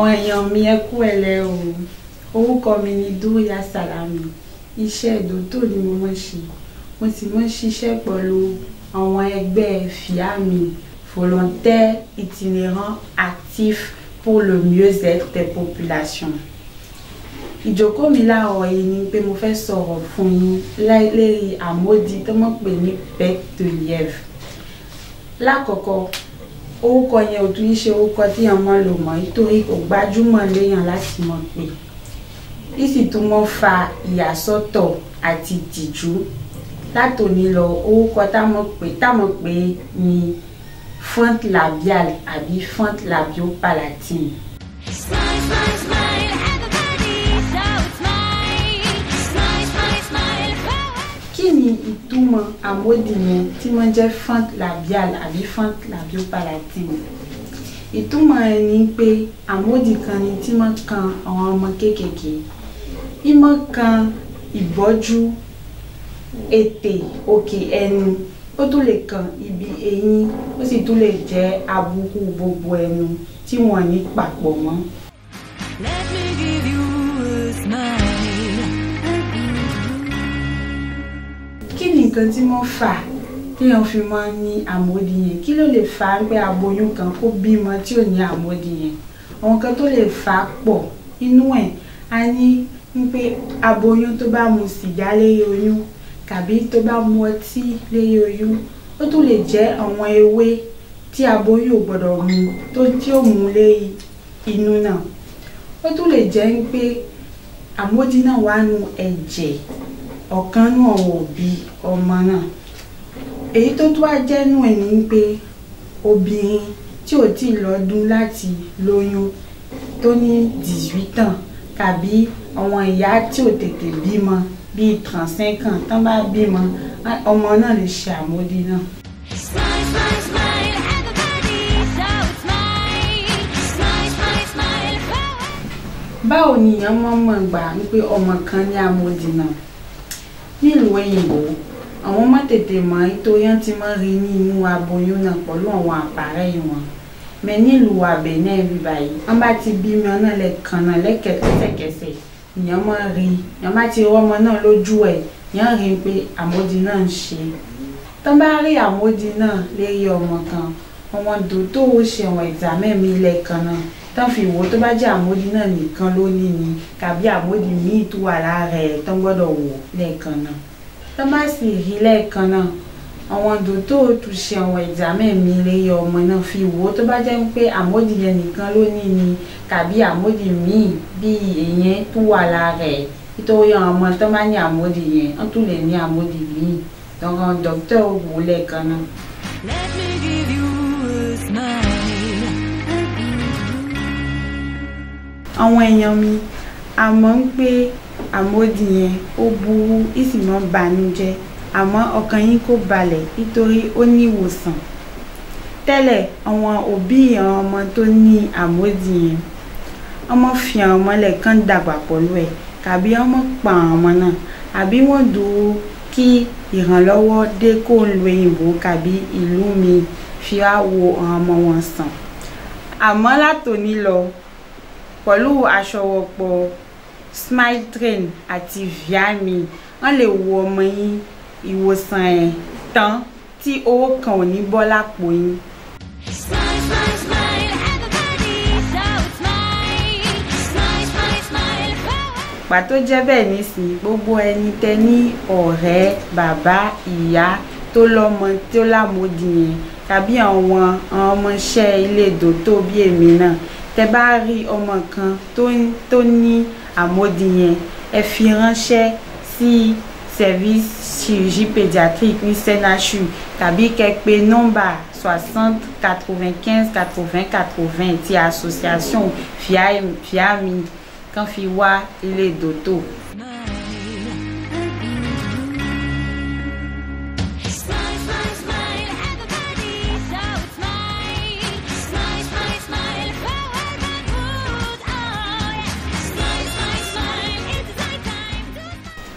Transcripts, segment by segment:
àwọn èèyàn mi ẹ kú ẹlẹ o orúkọ mi ni dóyà sàlámì iṣẹ́ ìdótò ni mo máa ń ṣe mo sì máa ń ṣiṣẹ́ pẹ̀lú àwọn ẹgbẹ́ fìámì volontaire itinérant actif pour le mieux-être des populations ìjókòó mi láàárọ̀ yìí ni pé mo fẹ́ sọ̀rọ̀ fún yín lẹ́yìn àmódi tó mọ̀ pé ní bẹ́ẹ̀ tó yẹ lákọ̀ọ́kọ́ orúkọ yẹn ò tún ṣe orúkọ tí yàn máa lò mọ́ nítorí kò gbajúmọ̀ léèyàn láti mọ̀ pé ìsì tún mọ́ fa ìyàsọ́tọ̀ àti ìtìjú látòní lọ orúkọ táwọn pè táwọn pè ní font labial àbí font labio palatine. Smile, smile, smile. ni ìtumọ̀ àwòdì tí wọ́n jẹ́ font labial àbí font labiopalatine ìtumọ̀ ẹ̀ ni pé àwòdì kan ni tí wọ́n kan àwọn ọmọ kéékèèké ìmọ̀ kan ìbọ́jú ètè òkè ẹnu ó tún lè kan ibi eyín ó sì tún lè jẹ́ àbùkù gbogbo ẹnu tí wọ́n ní papọ̀ mọ́. Let me give you a smile. nǹkan tí mo fà téèyàn fi máa ń ní àmódi yẹn kí ló lè fà á pé aboyún kan kó bímọ tí ò ní àmódi yẹn àwọn kan tó lè fà á pọ̀ inú ẹ̀ a ní wípé aboyún tó bá mu sìgá léyé oyún tàbí tó bá mu ọtí léyé oyún ó tún lè jẹ́ àwọn ewé tí aboyún ò gbọ́dọ̀ mu tó tí ó mu lé inú náà ó tún lè jẹ́ pé àmódi náà wà nù ẹ̀jẹ̀ ọ̀kan nú ọ̀wọ̀ òbí ọmọ náà èyí tó tún wá jẹ́nu ẹ̀ ní pé obìnrin tí ò tí ì lọ́dún láti lóyún tó ní dix-huit ans tàbí àwọn ìyá tí ò tètè bímọ bíi trente-cinq ans tán bá bímọ ọmọ náà lè ṣe àmódi náà. smile smile smile at the party shout smile smile smile smile. báwo ni èèyàn mọ̀ mọ̀ gbà wípé ọmọ kan ní àmódi náà nílùú òyìnbó àwọn má tètè mọ̀ nítorí wọ́n ti máa rí ní inú aboyún náà pẹ̀lú àwọn àpárẹ̀ wọn mẹ nílùú àbẹ̀nẹ́ bíbá yìí wọ́n bá ti bímọ náà lẹ́ẹ̀kan náà lẹ́kẹ̀kẹsẹ̀kẹsẹ̀ èèyàn máa rí èèyàn bá ti rọ́mọ náà lójú ẹ̀ èèyàn rí i pé àmódi náà ń ṣe tán bá rí àmódi náà lérí ọmọ kan ọmọ dòdò ṣẹ̀wọ̀n ìdá mẹ́mi lẹ́ẹ̀kan náà tán fi wò tó bá jẹ́ àmódi náà nìkan ló ní ni tàbí àmódi míì tó wà lára ẹ̀ tán gbọ́dọ̀ wò lẹ́ẹ̀kan náà tán bá sì rí lẹ́ẹ̀kan náà àwọn dòtó tó ṣe àwọn examen mi lẹ́yìn ọmọ náà fi wò tó bá jẹ́ pé àmódi yẹn nìkan ló ní ni tàbí àmódi míì bí èèyàn tó wà lára ẹ̀ nítorí àwọn ọmọ tán bá ní àmódi yẹn wọ́n tún lè ní àmódi míì tọ́kàn dókítà wò lẹ́ẹ̀kan náà. Let me give you a smile. àwọn èèyàn mi àmọ́ ń pé àmódi yẹn ó burú ìsì mọ́ banújẹ́ àmọ́ ọkàn yín kò balẹ̀ nítorí ó ní ìwòsàn tẹ́lẹ̀ àwọn òbí àwọn ọmọ tó ní àmódi yẹn ọmọ fi àwọn ọmọlẹ̀ kan dàgbà pẹ̀lú ẹ̀ tàbí ọmọ pa àwọn ọmọ náà àbí wọ́n dúró kí ìrànlọ́wọ́ dé kó ń lo òyìnbó tàbí ìlú mi fi á wo àwọn ọmọ wọn sàn àmọ́ látòní lọ pẹ̀lú aṣọwọ́pọ̀ train àti viami wọ́n lè wo ọmọ yín ìwòsàn ẹ̀ tán tí owó kan ò ní bọ́ lápò yín. smile smile smile. ìpà tó jẹ́ bẹ́ẹ̀ nísìnyí gbogbo ẹni tẹ ní ọ̀rẹ́ bàbá ìyá tó lọ́mọ tó lámòdì yẹn tàbí àwọn ọmọọṣẹ́ ilé ìdótó bí èmi náà tẹ bá rí ọmọ kan tó ní àmódi yẹn ẹ fi ránṣẹ́ sí service chirurgie pédiatrique ní senachu tàbí kẹ́ pè nọ́mbà soixante quatre-vingt-quinze quatre-vingts quatre-vingts ti association fiami kan fi wá ilé dòtò.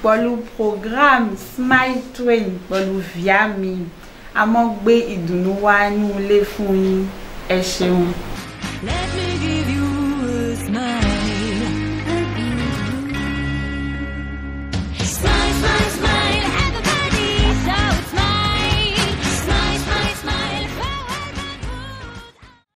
pẹ̀lú program smile train pẹ̀lú Via Me a mọ́ gbé ìdùnnú wá ní fún yín ẹ ṣeun.